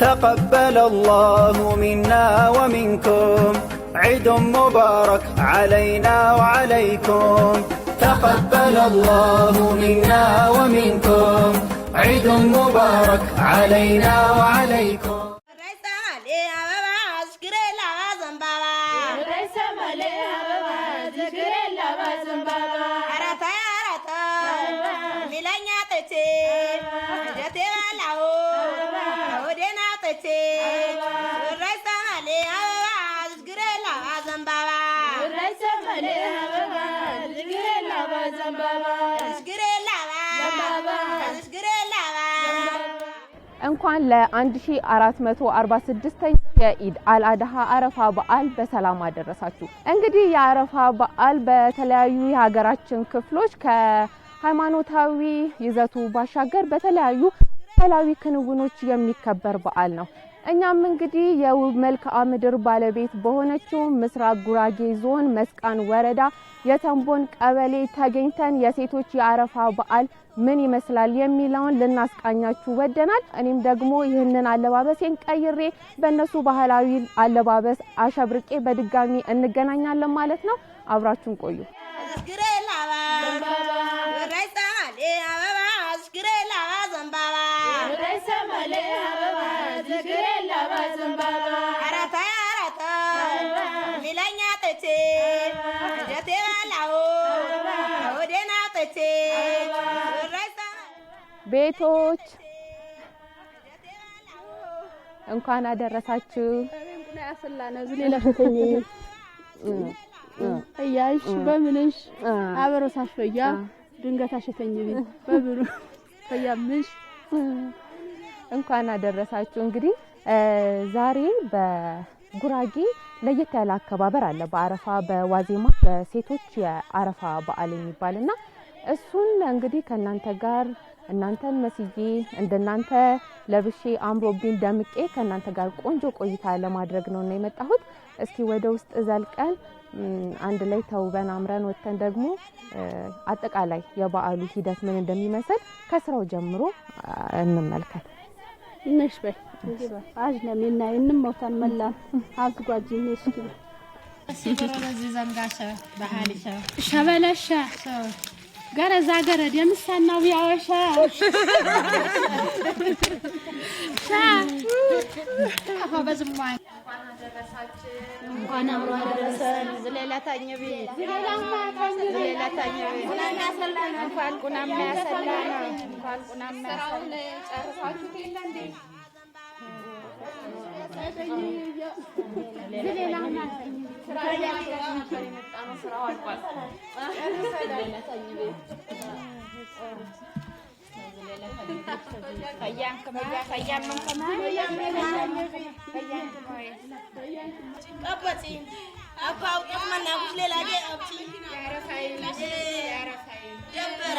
تقبل الله منا ومنكم عيد مبارك علينا وعليكم تقبل الله منا ومنكم عيد مبارك علينا وعليكم እንኳን ለ1446ኛ የኢድ አልአድሃ አረፋ በዓል በሰላም አደረሳችሁ። እንግዲህ የአረፋ በዓል በተለያዩ የሀገራችን ክፍሎች ከሃይማኖታዊ ይዘቱ ባሻገር በተለያዩ ባህላዊ ክንውኖች የሚከበር በዓል ነው። እኛም እንግዲህ የውብ መልክዓ ምድር ባለቤት በሆነችው ምስራቅ ጉራጌ ዞን መስቃን ወረዳ የተንቦን ቀበሌ ተገኝተን የሴቶች የአረፋ በዓል ምን ይመስላል የሚለውን ልናስቃኛችሁ ወደናል። እኔም ደግሞ ይህንን አለባበሴን ቀይሬ በእነሱ ባህላዊ አለባበስ አሸብርቄ በድጋሚ እንገናኛለን ማለት ነው። አብራችሁን ቆዩ። ዘንባባ ቤቶች እንኳን አደረሳችሁ። በምንሽ አበረሳሽ ድንገት አሸተኝ እንኳን አደረሳችሁ። እንግዲህ ዛሬ በጉራጌ ለየት ያለ አከባበር አለ። በአረፋ በዋዜማ በሴቶች የአረፋ በዓል የሚባልና እሱን እንግዲህ ከእናንተ ጋር እናንተን መስዬ እንደናንተ ለብሼ አምሮብኝ ደምቄ ከእናንተ ጋር ቆንጆ ቆይታ ለማድረግ ነው የመጣሁት። እስኪ ወደ ውስጥ ዘልቀን አንድ ላይ ተውበን አምረን ወጥተን ደግሞ አጠቃላይ የበዓሉ ሂደት ምን እንደሚመስል ከስራው ጀምሮ እንመልከት። ነሽ በይ አዝነም እና እንሞታን መላም አዝጓጂ ነሽ ሸበለሻ ገረዛ ገረድ የምሳናው ያወሻ እንኳን አብሮ አደረሰን። ዝሌላታኝ ቤት እንኳን ቁናማ ያሰላና እንኳን ቁናማ አባውቅም መናጉት ሌላ ደበረ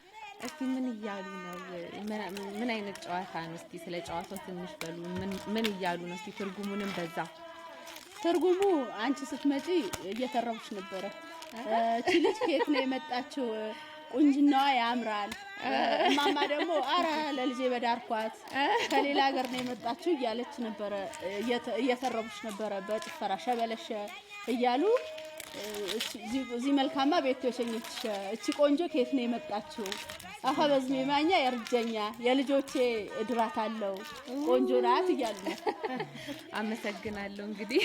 እስቲ ምን እያሉ ነው? ምን አይነት ጨዋታ ነው? እስቲ ስለ ጨዋታው ትንሽ በሉ። ምን እያሉ ነው? እስቲ ትርጉሙንም በዛ ትርጉሙ አንቺ ስትመጪ እየተረቡች ነበረ። እቺ ልጅ ከየት ነው የመጣችው? ቁንጅናዋ ያምራል። እማማ ደግሞ አረ ለልጄ በዳርኳት ከሌላ ሀገር ነው የመጣችው እያለች ነበረ። እየተረቡች ነበረ በጭፈራ ሸበለሸ እያሉ እዚህ መልካማ ቤት ተሸኘች፣ እቺ ቆንጆ ከየት ነው የመጣችው አሁ በዝሜ ማኛ የእርጀኛ የልጆቼ እድራት አለው ቆንጆ ናት እያሉ አመሰግናለሁ። እንግዲህ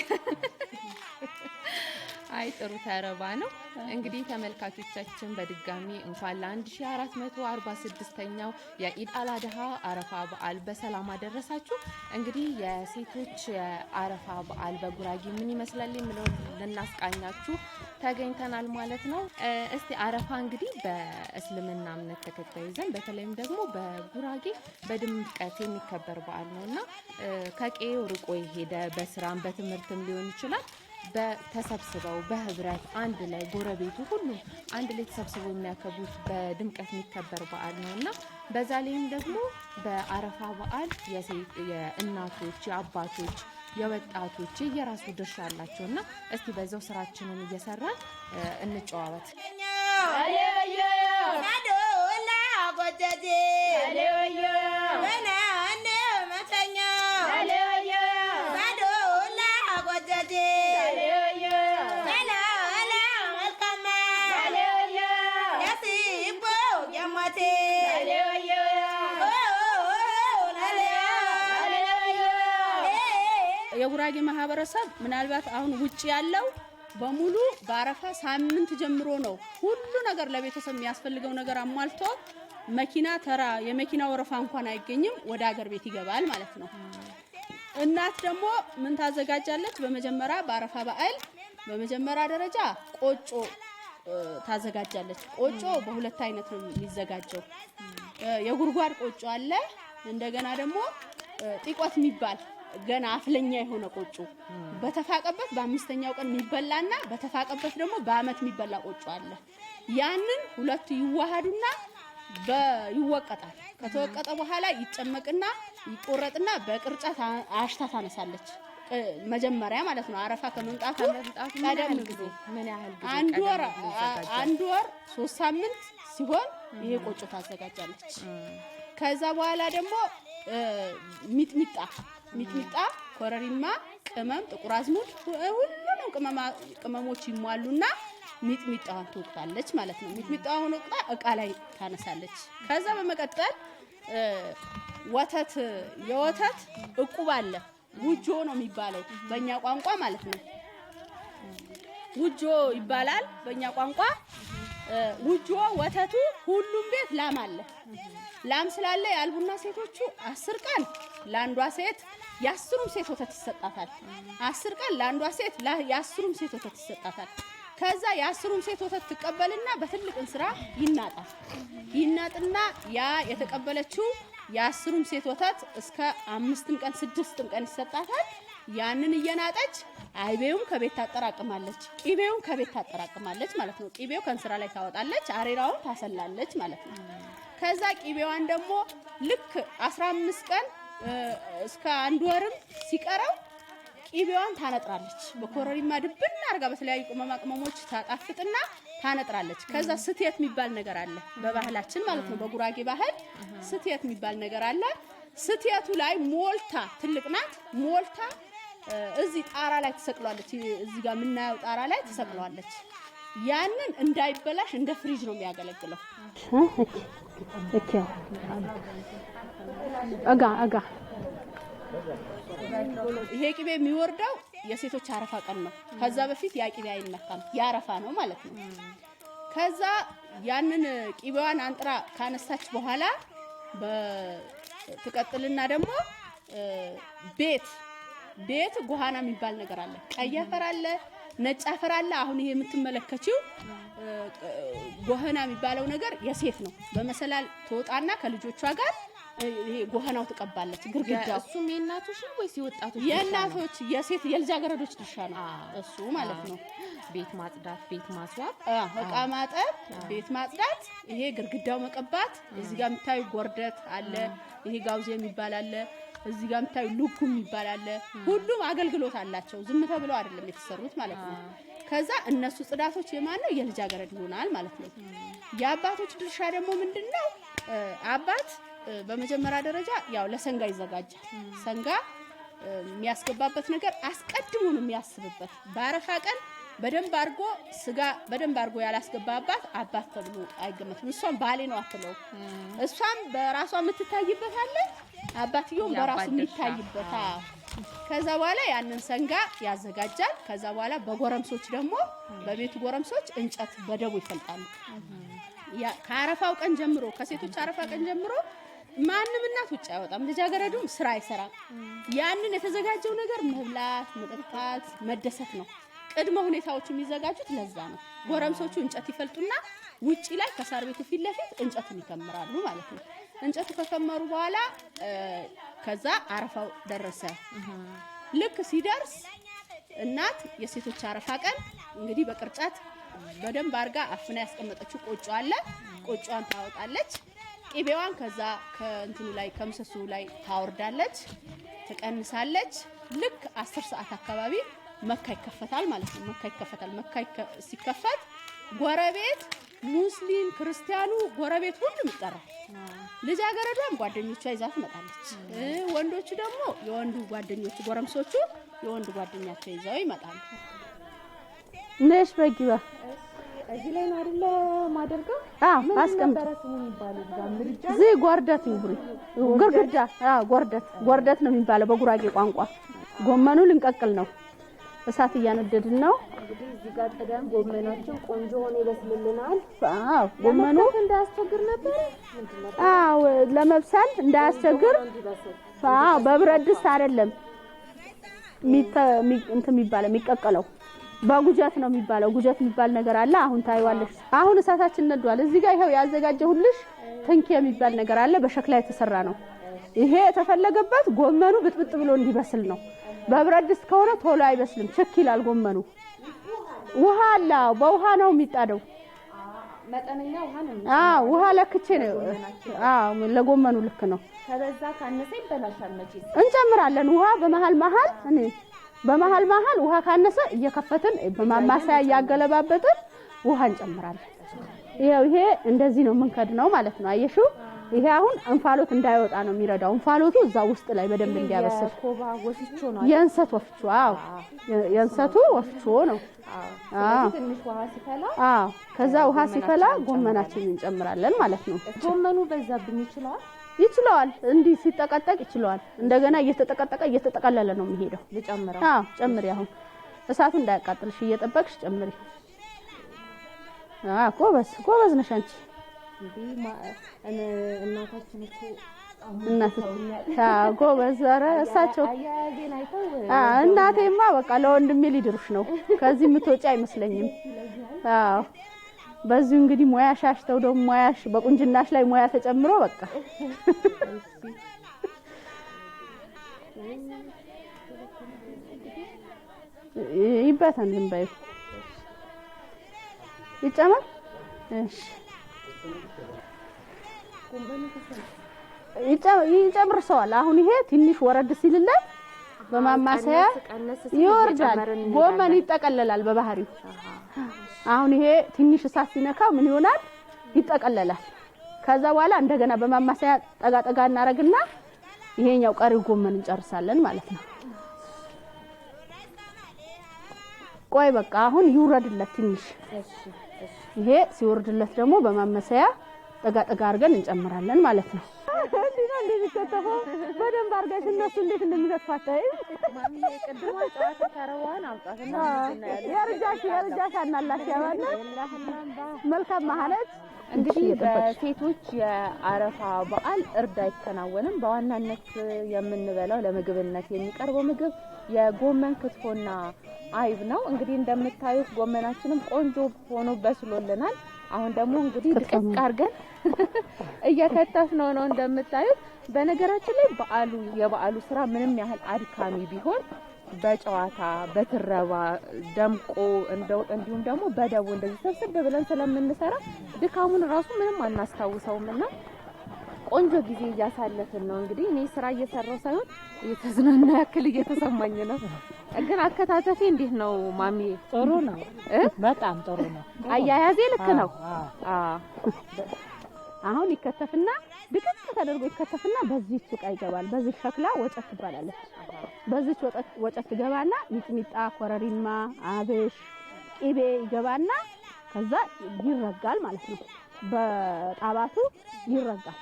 አይ ጥሩ ተረባ ነው። እንግዲህ ተመልካቾቻችን በድጋሚ እንኳን ለ1446ኛው የኢድ አላድሃ አረፋ በዓል በሰላም አደረሳችሁ። እንግዲህ የሴቶች የአረፋ በዓል በጉራጌ ምን ይመስላል የሚለውን ልናስቃኛችሁ ተገኝተናል ማለት ነው። እስቲ አረፋ እንግዲህ በእስልምና እምነት ተከታዩ ዘንድ በተለይም ደግሞ በጉራጌ በድምቀት የሚከበር በዓል ነው እና ከቀዬው ርቆ የሄደ በስራም በትምህርትም ሊሆን ይችላል ተሰብስበው በህብረት አንድ ላይ ጎረቤቱ ሁሉ አንድ ላይ ተሰብስበው የሚያከብሩት በድምቀት የሚከበር በዓል ነው እና በዛ ላይም ደግሞ በአረፋ በዓል የእናቶች የአባቶች የወጣቶች የራሱ ድርሻ አላቸው እና እስቲ በዛው ስራችንን እየሰራን እንጨዋወት። አሌ ወዮ ናዶ ላ የጉራጌ ማህበረሰብ ምናልባት አሁን ውጭ ያለው በሙሉ በአረፋ ሳምንት ጀምሮ ነው ሁሉ ነገር ለቤተሰብ የሚያስፈልገው ነገር አሟልቶ መኪና ተራ የመኪና ወረፋ እንኳን አይገኝም። ወደ ሀገር ቤት ይገባል ማለት ነው። እናት ደግሞ ምን ታዘጋጃለች? በመጀመሪያ በአረፋ በዓል በመጀመሪያ ደረጃ ቆጮ ታዘጋጃለች። ቆጮ በሁለት አይነት ነው የሚዘጋጀው። የጉድጓድ ቆጮ አለ። እንደገና ደግሞ ጢቆት የሚባል ገና አፍለኛ የሆነ ቆጮ በተፋቀበት በአምስተኛው ቀን የሚበላና በተፋቀበት ደግሞ በአመት የሚበላ ቆጮ አለ። ያንን ሁለቱ ይዋሃዱና ይወቀጣል። ከተወቀጠ በኋላ ይጨመቅና ይቆረጥና በቅርጫት አሽታ ታነሳለች። መጀመሪያ ማለት ነው። አረፋ ከመምጣቱ ቀደም ጊዜ አንድ ወር አንድ ወር ሶስት ሳምንት ሲሆን ይሄ ቆጮ ታዘጋጃለች። ከዛ በኋላ ደግሞ ሚጥሚጣ ሚጥሚጣ፣ ኮረሪማ፣ ቅመም፣ ጥቁር አዝሙድ ሁሉንም ቅመሞች ይሟሉና ሚጥሚጣዋን ትወቅጣለች ማለት ነው። ሚጥሚጣዋን ወቅጣ እቃ ላይ ታነሳለች። ከዛ በመቀጠል ወተት የወተት እቁብ አለ። ጉጆ ነው የሚባለው በእኛ ቋንቋ ማለት ነው። ጉጆ ይባላል በእኛ ቋንቋ። ውጆ ወተቱ ሁሉም ቤት ላም አለ። ላም ስላለ የአልቡና ሴቶቹ አስር ቀን ለአንዷ ሴት የአስሩም ሴት ወተት ይሰጣታል። አስር ቀን ለአንዷ ሴት የአስሩም ሴት ወተት ይሰጣታል። ከዛ የአስሩም ሴት ወተት ትቀበልና በትልቅ እንስራ ይናጣል። ይናጥና ያ የተቀበለችው የአስሩም ሴት ወተት እስከ አምስትም ቀን ስድስትም ቀን ይሰጣታል። ያንን እየናጠች አይቤውም ከቤት ታጠራቅማለች፣ ቂቤውም ከቤት ታጠራቅማለች ማለት ነው። ቂቤው ከእንስራ ላይ ታወጣለች፣ አሬራውም ታሰላለች ማለት ነው። ከዛ ቂቤዋን ደግሞ ልክ 15 ቀን እስከ አንድ ወርም ሲቀረው ቂቤዋን ታነጥራለች። በኮረሪማ ድብን አድርጋ በተለያዩ ቅመማ ቅመሞች ታጣፍጥና ታነጥራለች። ከዛ ስትየት የሚባል ነገር አለ በባህላችን ማለት ነው። በጉራጌ ባህል ስትየት የሚባል ነገር አለ። ስትየቱ ላይ ሞልታ ትልቅ ናት። ሞልታ እዚህ ጣራ ላይ ተሰቅሏለች። እዚህ ጋር የምናየው ጣራ ላይ ትሰቅሏለች። ያንን እንዳይበላሽ እንደ ፍሪጅ ነው የሚያገለግለው። እጋ እጋ ይሄ ቅቤ የሚወርደው የሴቶች አረፋ ቀን ነው። ከዛ በፊት ያ ቅቤ አይነካም፣ ያረፋ ነው ማለት ነው። ከዛ ያንን ቅቤዋን አንጥራ ካነሳች በኋላ ትቀጥልና ደግሞ ቤት ቤት ጎሃና የሚባል ነገር አለ። ቀይ አፈር አለ፣ ነጭ አፈር አለ። አሁን ይሄ የምትመለከችው ጎሃና የሚባለው ነገር የሴት ነው። በመሰላል ትወጣና ከልጆቿ ጋር ጎህናው ትቀባለች ግርግዳው። እሱም የእናቶች ወይስ የወጣቶች? የእናቶች የሴት የልጃገረዶች ድርሻ ነው እሱ ማለት ነው። ቤት ማጽዳት፣ ቤት ማስዋብ፣ እቃ ማጠብ፣ ቤት ማጽዳት፣ ይሄ ግርግዳው መቀባት። እዚህ ጋር የምታዩ ጎርደት አለ፣ ይሄ ጋውዜ የሚባል አለ፣ እዚህ ጋር የምታዩ ሉኩ የሚባል አለ። ሁሉም አገልግሎት አላቸው። ዝም ተብለው አይደለም የተሰሩት ማለት ነው። ከዛ እነሱ ጽዳቶች የማን ነው? የልጃገረድ ይሆናል ማለት ነው። የአባቶች ድርሻ ደግሞ ምንድን ነው? አባት በመጀመሪያ ደረጃ ያው ለሰንጋ ይዘጋጃል። ሰንጋ የሚያስገባበት ነገር አስቀድሞ ነው የሚያስብበት። በአረፋ ቀን በደንብ አድርጎ ስጋ በደንብ አድርጎ ያላስገባ አባት አባት ተብሎ አይገመትም። እሷም ባሌ ነው አትለው። እሷም በራሷ የምትታይበት አለ፣ አባትየውም በራሱ የሚታይበት። ከዛ በኋላ ያንን ሰንጋ ያዘጋጃል። ከዛ በኋላ በጎረምሶች ደግሞ በቤቱ ጎረምሶች እንጨት በደቡ ይፈልጣሉ። ከአረፋው ቀን ጀምሮ ከሴቶች አረፋ ቀን ጀምሮ ማንም እናት ውጭ አይወጣም፣ ልጃገረዱም ስራ አይሰራም። ያንን የተዘጋጀው ነገር መብላት፣ መጠጣት፣ መደሰት ነው። ቅድመ ሁኔታዎች የሚዘጋጁት ለዛ ነው። ጎረምሶቹ እንጨት ይፈልጡና ውጪ ላይ ከሳር ቤቱ ፊት ለፊት እንጨቱን ይከምራሉ ማለት ነው። እንጨቱ ከከመሩ በኋላ ከዛ አረፋው ደረሰ። ልክ ሲደርስ እናት የሴቶች አረፋ ቀን እንግዲህ በቅርጫት በደንብ አድርጋ አፍና ያስቀመጠችው ቆጮ አለ። ቆጮዋን ታወጣለች። ቅቤዋን ከዛ ከእንትኑ ላይ ከምሰሱ ላይ ታወርዳለች፣ ትቀንሳለች። ልክ አስር ሰዓት አካባቢ መካ ይከፈታል ማለት ነው። መካ ይከፈታል። መካ ሲከፈት ጎረቤት ሙስሊም ክርስቲያኑ ጎረቤት ሁሉም ይጠራል። ልጃገረዷም ጓደኞቿ ይዛ ትመጣለች። ወንዶቹ ደግሞ የወንዱ ጓደኞቹ ጎረምሶቹ የወንዱ ጓደኛቸው ይዘው ይመጣሉ። ነሽ በጊባ እዚህ ላይ ነው አይደለ ማደርገው? አዎ፣ አስቀምጥ። ጎርደት ግርግዳ። አዎ፣ ነው የሚባለው በጉራጌ ቋንቋ። ጎመኑ ልንቀቅል ነው። እሳት እያነደድን ነው። እንግዲህ እዚህ ጋር ጥደን ጎመናችን ቆንጆ ሆኖ ይበስልልናል። አዎ ጎመኑ እንዳያስቸግር ነበር። አዎ ለመብሰል እንዳያስቸግር። አዎ በብረት ድስት አይደለም እንትን የሚባለው የሚቀቀለው በጉጀት ነው የሚባለው። ጉጀት የሚባል ነገር አለ። አሁን ታይዋለሽ። አሁን እሳታችን ነዷል። እዚህ ጋር ይሄው ያዘጋጀሁልሽ ትንኪ የሚባል ነገር አለ። በሸክላ የተሰራ ነው። ይሄ የተፈለገበት ጎመኑ ብጥብጥ ብሎ እንዲበስል ነው። በብረት ድስት ከሆነ ቶሎ አይበስልም፣ ችክ ይላል ጎመኑ። ውሃ አለ። በውሃ ነው የሚጣደው። ውሃ ለክቼ ነው። ለጎመኑ ልክ ነው። እንጨምራለን ውሃ በመሀል መሀል እኔ በመሀል መሀል ውሃ ካነሰ እየከፈትን በማማሰያ እያገለባበጥን ውሃ እንጨምራለን። ይኸው ይሄ እንደዚህ ነው የምንከድ ነው ማለት ነው። አየሽው? ይሄ አሁን እንፋሎት እንዳይወጣ ነው የሚረዳው። እንፋሎቱ እዛ ውስጥ ላይ በደንብ እንዲያበስል የእንሰት ወፍቾ። አዎ የእንሰቱ ወፍቾ ነው። ከዛ ውሃ ሲፈላ ጎመናችን እንጨምራለን ማለት ነው። ጎመኑ በዛብኝ ይችላል ይችለዋል። እንዲህ ሲጠቀጠቅ ይችለዋል። እንደገና እየተጠቀጠቀ እየተጠቀለለ ነው የሚሄደው። ልጨምረው? አዎ ጨምሪ። አሁን እሳቱ እንዳያቃጥልሽ እየጠበቅሽ ጨምሪ። ጎበዝ ጎበዝ ነሽ አንቺ። እናታችን እኮ ጎበዝ። ኧረ እሳቸው እናቴማ በቃ ለወንድሜ ሊድሩሽ ነው። ከዚህ የምትወጪ አይመስለኝም። አዎ በዚሁ እንግዲህ ሙያ ሻሽተው ደግሞ ሙያሽ በቁንጅናሽ ላይ ሙያ ተጨምሮ በቃ ይበተን ዝም በይ ይጨመር። እሺ ይጨምር ሰዋል። አሁን ይሄ ትንሽ ወረድ ሲልለት በማማሰያ ይወርዳል። ጎመን ይጠቀለላል በባህሪው። አሁን ይሄ ትንሽ እሳት ሲነካው ምን ይሆናል? ይጠቀለላል። ከዛ በኋላ እንደገና በማማሰያ ጠጋ ጠጋ እናረግና ይሄኛው ቀሪው ጎመን እንጨርሳለን ማለት ነው። ቆይ በቃ አሁን ይውረድለት ትንሽ። ይሄ ሲወርድለት ደግሞ በማመሰያ ጠጋ ጠጋ አድርገን እንጨምራለን ማለት ነው። እንደሚከተፈው በደንብ አድርገሽ እነሱ እንዴት እንደሚገጥፋቸው የርጃሽ የርጃሽ አናላሽ ያባለ መልካም ማህለት እንግዲህ በሴቶች የአረፋ በዓል እርድ አይከናወንም። በዋናነት የምንበላው ለምግብነት የሚቀርበው ምግብ የጎመን ክትፎና አይብ ነው። እንግዲህ እንደምታዩት ጎመናችንም ቆንጆ ሆኖ በስሎልናል። አሁን ደግሞ እንግዲህ ድቅቅ አድርገን እየከተፍነው ነው እንደምታዩት በነገራችን ላይ በዓሉ የበዓሉ ስራ ምንም ያህል አድካሚ ቢሆን በጨዋታ በትረባ ደምቆ እንደው እንዲሁም ደግሞ በደቦ እንደዚህ ሰብስብ ብለን ስለምንሰራ ድካሙን ራሱ ምንም አናስታውሰውም እና ቆንጆ ጊዜ እያሳለፍን ነው። እንግዲህ እኔ ስራ እየሰራው ሳይሆን እየተዝናና ያክል እየተሰማኝ ነው። ግን አከታተፌ እንዴት ነው ማሚ? ጥሩ ነው፣ በጣም ጥሩ ነው። አያያዜ ልክ ነው። አሁን ይከተፍና ድቅቅ ተደርጎ ይከተፍና በዚች ዕቃ ይገባል። በዚህ ሸክላ ወጨት ትባላለች። በዚች ወጨት ይገባና ሚጥሚጣ፣ ኮረሪማ፣ አብሽ፣ ቂቤ ይገባና ከዛ ይረጋል ማለት ነው። በጣባቱ ይረጋል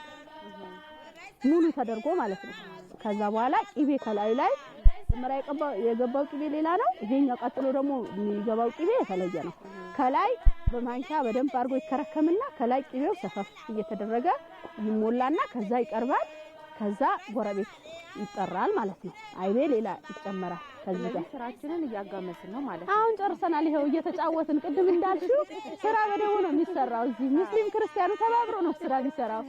ሙሉ ተደርጎ ማለት ነው። ከዛ በኋላ ቂቤ ከላዩ ላይ መጀመሪያ የገባው ቂቤ ሌላ ነው። ይሄኛው ቀጥሎ ደግሞ የሚገባው ቂቤ የተለየ ነው። ከላይ በማንኪያ በደንብ አድርጎ ይከረከምና ከላይ ቅቤው ሰፈፍ እየተደረገ ይሞላና ከዛ ይቀርባል። ከዛ ጎረቤት ይጠራል ማለት ነው። አይቤ ሌላ ይጨመራል። ስራችንን እያጋመስን ነው ማለት ነው። አሁን ጨርሰናል። ይኸው እየተጫወትን ቅድም እንዳልሽው ስራ በደቡ ነው የሚሰራው። እዚህ ሙስሊም ክርስቲያኑ ተባብሮ ነው ስራ የሚሰራው።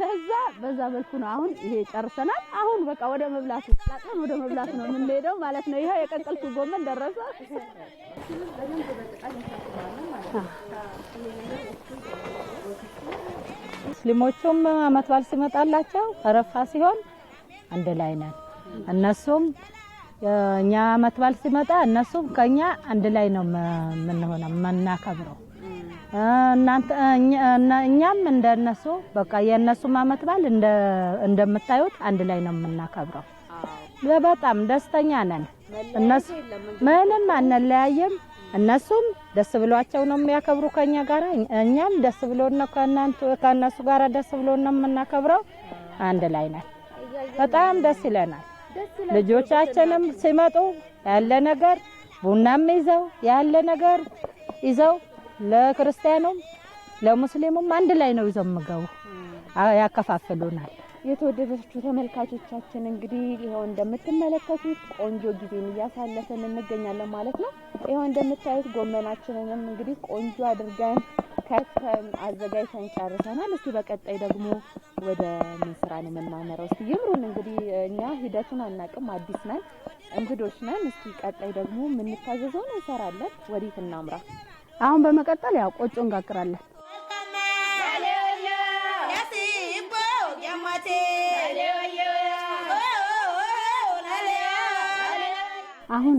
ለዛ በዛ መልኩ ነው። አሁን ይሄ ጨርሰናል። አሁን በቃ ወደ መብላቱ ላጥን ወደ መብላቱ ነው የምንሄደው ማለት ነው። ይሄ የቀቀልኩ ጎመን ደረሰ። ሙስሊሞቹም አመት በዓል ሲመጣላቸው ረፋ ሲሆን አንድ ላይ ነን እነሱም እኛ አመት በዓል ሲመጣ እነሱም ከኛ አንድ ላይ ነው የምንሆነው የምናከብረው። እኛም እንደነሱ በቃ የእነሱም አመት በዓል እንደምታዩት አንድ ላይ ነው የምናከብረው። በጣም ደስተኛ ነን። እነሱ ምንም አንለያየም። እነሱም ደስ ብሏቸው ነው የሚያከብሩ ከኛ ጋር፣ እኛም ደስ ብሎን ነው ከእናንተ ከእነሱ ጋር ደስ ብሎ ነው የምናከብረው። አንድ ላይ ነን። በጣም ደስ ይለናል። ልጆቻችንም ሲመጡ ያለ ነገር ቡናም ይዘው ያለ ነገር ይዘው ለክርስቲያኑም ለሙስሊሙም አንድ ላይ ነው ይዘው ያከፋፍሉናል። የተወደዳችሁ ተመልካቾቻችን እንግዲህ ይኸው እንደምትመለከቱት ቆንጆ ጊዜን እያሳለፍን እንገኛለን ማለት ነው። ይኸው እንደምታዩት ጎመናችንንም እንግዲህ ቆንጆ አድርገን ከተን አዘጋጅተን ጨርሰናል። እስቲ በቀጣይ ደግሞ ወደ ምስራ ነው የምናመራው። እስቲ ይምሩን እንግዲህ እኛ ሂደቱን አናቅም፣ አዲስ ነን፣ እንግዶች ነን። እስቲ ቀጣይ ደግሞ የምንታዘዘውን እንሰራለን። ወዴት እናምራ? አሁን በመቀጠል ያው ቆጮ እንጋግራለን። አሁን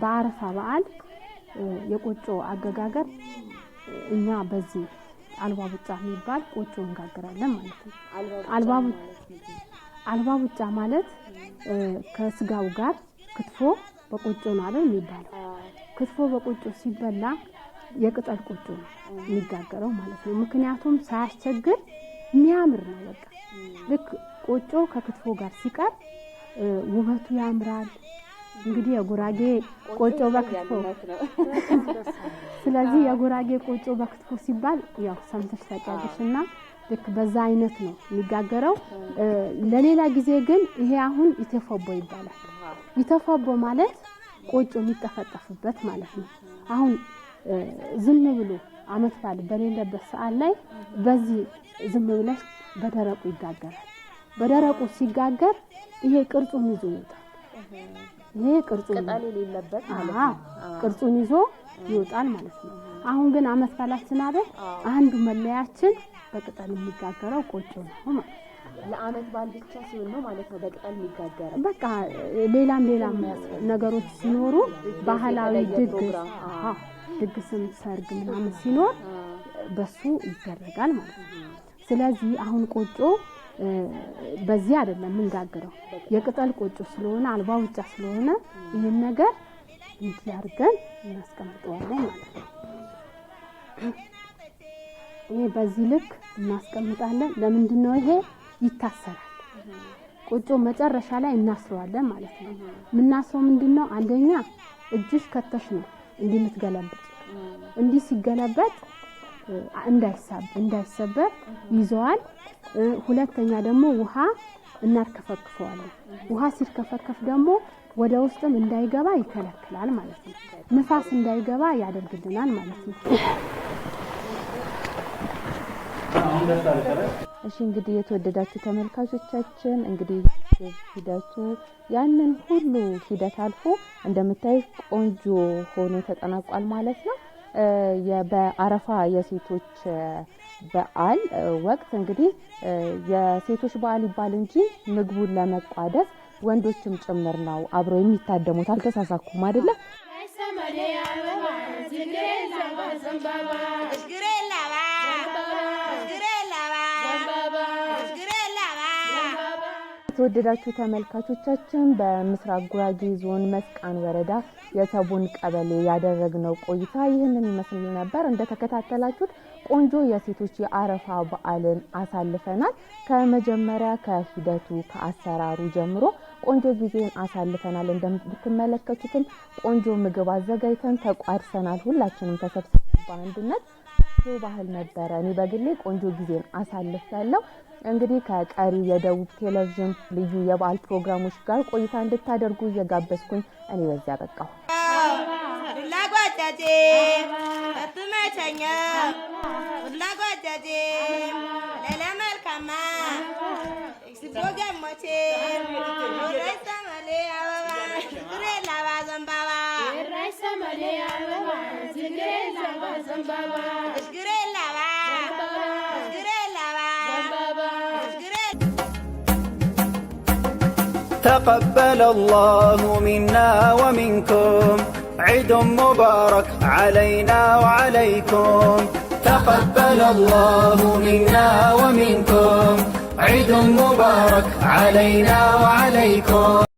በአረፋ በዓል የቆጮ አገጋገር እኛ በዚህ አልባ ቡጫ የሚባል ቆጮ እንጋግራለን ማለት ነው። አልባ ቡጫ ማለት ከስጋው ጋር ክትፎ በቆጮ ነው አለ የሚባለው። ክትፎ በቆጮ ሲበላ የቅጠል ቆጮ ነው የሚጋገረው ማለት ነው። ምክንያቱም ሳያስቸግር የሚያምር ነው። በቃ ልክ ቆጮ ከክትፎ ጋር ሲቀር ውበቱ ያምራል። እንግዲህ የጉራጌ ቆጮ በክትፎ ስለዚህ የጉራጌ ቆጮ በክትፎ ሲባል ያው ሰምተሽ ታውቂያለሽ እና ልክ በዛ አይነት ነው የሚጋገረው። ለሌላ ጊዜ ግን ይሄ አሁን ይተፈቦ ይባላል። ይተፈቦ ማለት ቆጮ የሚጠፈጠፍበት ማለት ነው። አሁን ዝም ብሎ አመት በዓል በሌለበት ሰዓት ላይ በዚህ ዝም ብለሽ በደረቁ ይጋገራል። በደረቁ ሲጋገር ይሄ ቅርጹን ይዞ ይወጣል። ይሄ ቅርጹን ይዞ ይወጣል ማለት ነው። አሁን ግን አመት ባላችን አይደል አንዱ መለያችን በቅጠል የሚጋገረው ቆጮ ነው ማለት ነው። ለአመት ባል ብቻ ሲሆን ነው ማለት ነው በቅጠል የሚጋገረው። በቃ ሌላም ሌላም ነገሮች ሲኖሩ ባህላዊ ድግስ፣ ድግስም ሰርግ ምናምን ሲኖር በሱ ይደረጋል ማለት ነው። ስለዚህ አሁን ቆጮ በዚህ አይደለም የምንጋግረው የቅጠል ቆጮ ስለሆነ አልባ ውጫ ስለሆነ ይህን ነገር እንዲህ አድርገን እናስቀምጠዋለን ማለት ነው። ይሄ በዚህ ልክ እናስቀምጣለን። ለምንድን ነው ይሄ ይታሰራል። ቆጮ መጨረሻ ላይ እናስረዋለን ማለት ነው። የምናስረው ምንድን ነው? አንደኛ እጅሽ ከተሽ ነው እንዲህ የምትገለብጥ እንዲህ ሲገለበጥ እንዳይሰበር ይዘዋል። ሁለተኛ ደግሞ ውሃ እናርከፈክፈዋለን። ውሃ ሲርከፈከፍ ደግሞ ወደ ውስጥም እንዳይገባ ይከለክላል ማለት ነው። ንፋስ እንዳይገባ ያደርግልናል ማለት ነው። እሺ እንግዲህ የተወደዳችሁ ተመልካቾቻችን እንግዲህ ሂደቱ ያንን ሁሉ ሂደት አልፎ እንደምታይ ቆንጆ ሆኖ ተጠናቋል ማለት ነው። በአረፋ የሴቶች በዓል ወቅት እንግዲህ የሴቶች በዓል ይባል እንጂ ምግቡን ለመቋደስ ወንዶችም ጭምር ነው አብረው የሚታደሙት። አልተሳሳኩም አይደለም? የተወደዳችሁ ተመልካቾቻችን በምስራቅ ጉራጌ ዞን መስቃን ወረዳ የተቡን ቀበሌ ያደረግነው ቆይታ ይህንን ይመስል ነበር። እንደተከታተላችሁት ቆንጆ የሴቶች የአረፋ በዓልን አሳልፈናል። ከመጀመሪያ ከሂደቱ ከአሰራሩ ጀምሮ ቆንጆ ጊዜን አሳልፈናል። እንደምትመለከቱትም ቆንጆ ምግብ አዘጋጅተን ተቋድሰናል። ሁላችንም ተሰብስበን በአንድነት ይሄ ባህል ነበረ። እኔ በግሌ ቆንጆ ጊዜን አሳልፌያለሁ። እንግዲህ ከቀሪ የደቡብ ቴሌቪዥን ልዩ የበዓል ፕሮግራሞች ጋር ቆይታ እንድታደርጉ እየጋበዝኩኝ እኔ በዚያ በቃሁ። አበባ تقبل الله منا ومنكم عيد مبارك علينا وعليكم تقبل الله منا ومنكم عيد مبارك علينا وعليكم